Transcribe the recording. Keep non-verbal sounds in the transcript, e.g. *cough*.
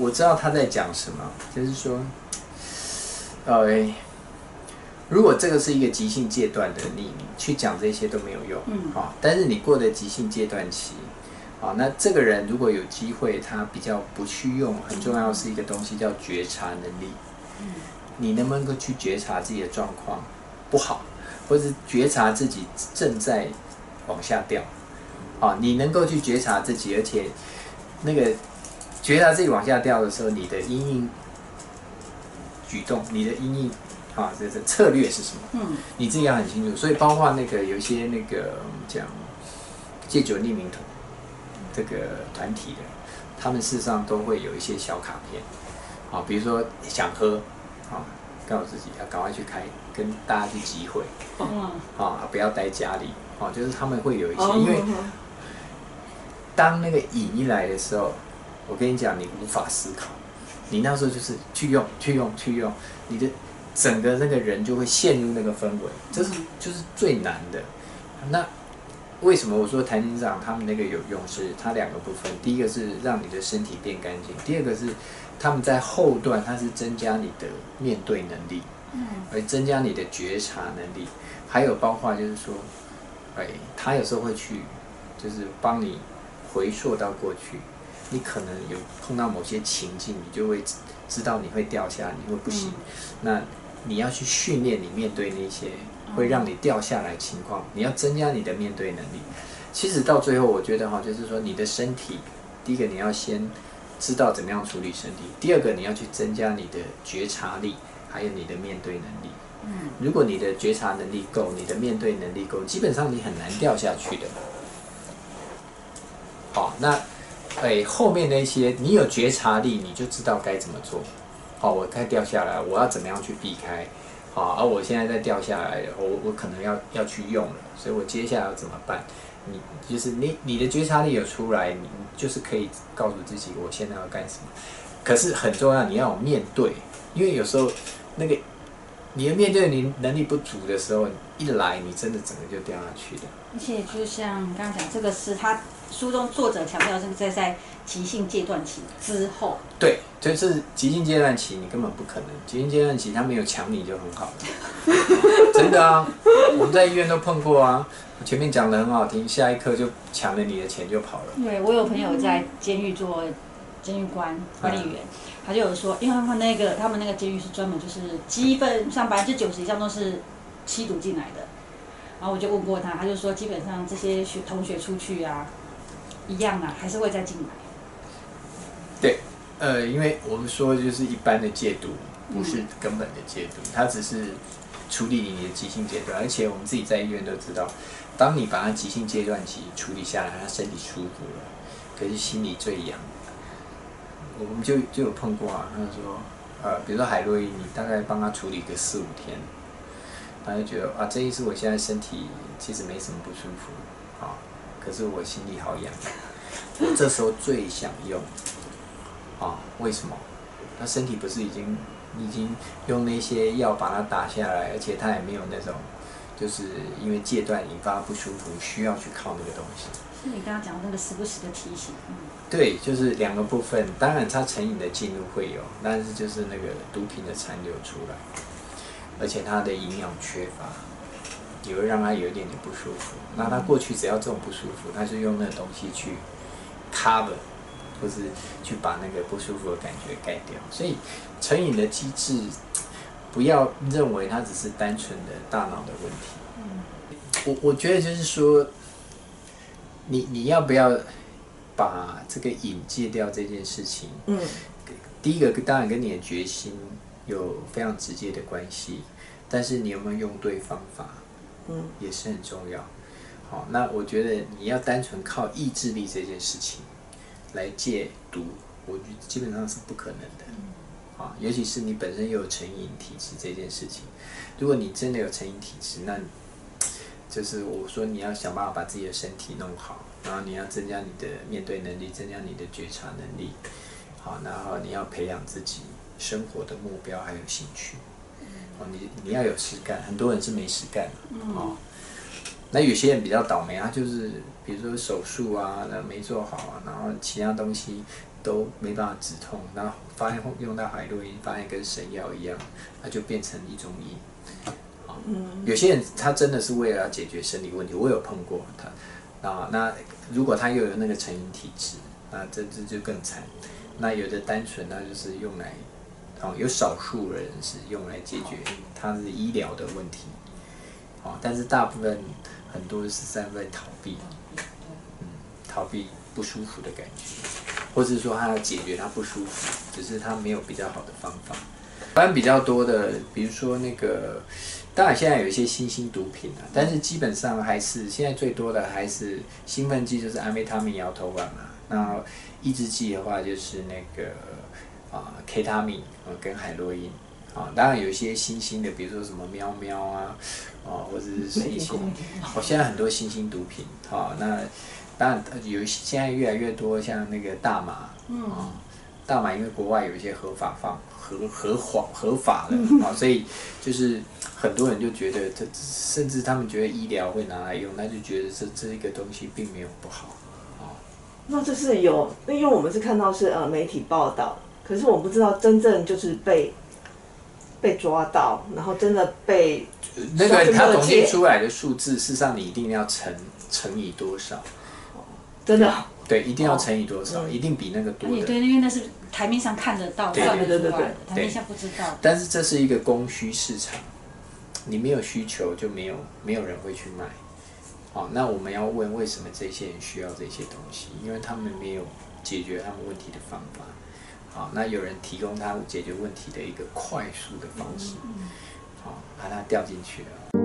我知道他在講什麼，就是說、哦欸，如果這個是一個急性階段的，你去講這些都沒有用，嗯，好、哦，但是你過的急性階段期，啊、哦，那這個人如果有機會，他比較不去用，很重要是一個東西叫覺察能力，嗯，你能不能夠去覺察自己的狀況不好，或是覺察自己正在往下掉，啊、哦，你能夠去覺察自己，而且那個。覺得他自己往下掉的時候，你的因應舉動，你的因應，啊，這這個、策略是什麼？嗯，你自己要很清楚。所以包括那個有一些那個講戒酒匿名團這個團體的，他們事實上都會有一些小卡片啊，比如說想喝啊，告訴自己要趕快去開，跟大家去集會、哦、啊不要待家裡啊，就是他們會有一些，哦、因為、哦、當那個癮一來的時候。我跟你講，你無法思考，你那時候就是去用、去用、去用，你的整個那個人就會陷入那個氛圍，這是就是最難的。那為什麼我說廳長他們那個有用？是他兩個部分，第一個是讓你的身體變乾淨，第二個是他們在後段，他是增加你的面對能力，嗯，而增加你的覺察能力，還有包括就是說，哎，他有時候會去，就是幫你回溯到過去。你可能有碰到某些情境，你就會知道你會掉下，你會不行。嗯，那你要去訓練你面對那些會讓你掉下來情況，你要增加你的面對能力。其實到最後，我覺得哈，就是說你的身體，第一個你要先知道怎麼樣處理身體，第二個你要去增加你的覺察力，還有你的面對能力。嗯，如果你的覺察能力夠，你的面對能力夠，基本上你很難掉下去的。好，那。誒、欸，後面那些，你有覺察力，你就知道該怎麼做。好、哦，我該掉下來，我要怎麼樣去避開？好、哦，而、啊、我現在在掉下來，我我可能要要去用了，所以我接下來要怎麼辦？你就是你你的覺察力有出來，你就是可以告訴自己，我現在要幹什麼。可是很重要，你要面對，因為有時候那個你的面對你能力不足的時候，一來你真的整個就掉下去的。而且就像剛才講這個是他。書中作者強調是在在急性戒斷期之後，對，就是急性戒斷期，你根本不可能。急性戒斷期，他沒有搶你就很好了 *laughs* 真的啊，我們在醫院都碰過啊。我前面講的很好聽，下一刻就搶了你的錢就跑了。對，我有朋友在監獄做監獄官管理員，嗯、他就有說，因為他們那個他們那個監獄是專門就是基本像百分之九十以上都是吸毒進來的。然後我就問過他，他就說基本上這些學同學出去啊。一樣啊，還是會再進來。對，呃，因為我們說就是一般的戒毒，不是根本的戒毒，嗯、它只是處理你的急性階段。而且我們自己在醫院都知道，當你把它急性階段期處理下來，他身體舒服了，可是心裡最癢。我們就就有碰過啊，他、就是、說，呃，比如說海洛因，你大概幫他處理個四五天，他就覺得啊，這意思我現在身體其實沒什麼不舒服啊。可是我心裡好癢，我這時候最想用，啊，為什麼？他身體不是已經，已經用那些藥把它打下來，而且他也沒有那種，就是因為戒斷引發不舒服，需要去靠那個東西。是你剛剛講的那個時不時的提醒，嗯。對，就是兩個部分，當然他成癮的進入會有，但是就是那個毒品的殘留出來，而且他的營養缺乏。也會讓他有一點點不舒服。那他過去只要這種不舒服，他就用那個東西去 cover 或是去把那個不舒服的感覺蓋掉。所以成癮的機制，不要認為它只是單純的大腦的問題。嗯、我我覺得就是說，你你要不要把這個癮戒掉這件事情，嗯，第一個當然跟你的決心有非常直接的關係，但是你有沒有用對方法？嗯，也是很重要。好，那我覺得你要單純靠意志力這件事情來戒毒，我覺得基本上是不可能的。啊，尤其是你本身又有成癮體質這件事情，如果你真的有成癮體質，那就是我說你要想辦法把自己的身體弄好，然後你要增加你的面對能力，增加你的覺察能力。好，然後你要培養自己生活的目標還有興趣。哦、你你要有事幹，很多人是沒事幹、哦嗯、那有些人比較倒霉啊，就是比如說手術啊，那沒做好啊，然後其他東西都沒辦法止痛，然後發現用到海洛因，發現跟神藥一樣，它就變成一種癮。哦。嗯、有些人他真的是為了要解決生理問題，我有碰過他。啊、那如果他又有那個成癮體質，那真的就更慘。那有的單純那就是用來。哦、有少數人是用來解決，他是醫療的問題、哦，但是大部分很多是是在逃避、嗯，逃避不舒服的感覺，或者說他要解決他不舒服，只是他沒有比較好的方法。當然比較多的，比如說那個，當然現在有一些新興毒品啊，但是基本上還是現在最多的還是興奮劑，就是安非他命搖頭丸嘛。那抑制劑的話就是那個。啊，K 他敏啊，跟海洛因啊，當然有一些新興的，比如說什麼喵喵啊，啊，或者是一些，我、哦、現在很多新興毒品啊，那當然有，現在越來越多像那個大麻啊，大麻因為國外有一些合法放合合，合法合法的啊，所以就是很多人就覺得這，甚至他們覺得醫療會拿來用，那就覺得這這一個東西並沒有不好啊。那這是有，那因為我們是看到是呃媒體報道。可是我不知道真正就是被被抓到，然後真的被那個他統計出來的數字，事實上你一定要乘乘以多少？哦、真的對？對，一定要乘以多少？哦嗯、一定比那個多？也、嗯、對，因為那是台面上看得到的，對對對，對對對對台面下不知道。但是這是一個供需市場，你沒有需求就沒有沒有人會去賣。哦，那我們要問為什麼這些人需要這些東西？因為他們沒有解決他們問題的方法。好，那有人提供他解決問題的一個快速的方式，啊、嗯嗯，把他掉進去了。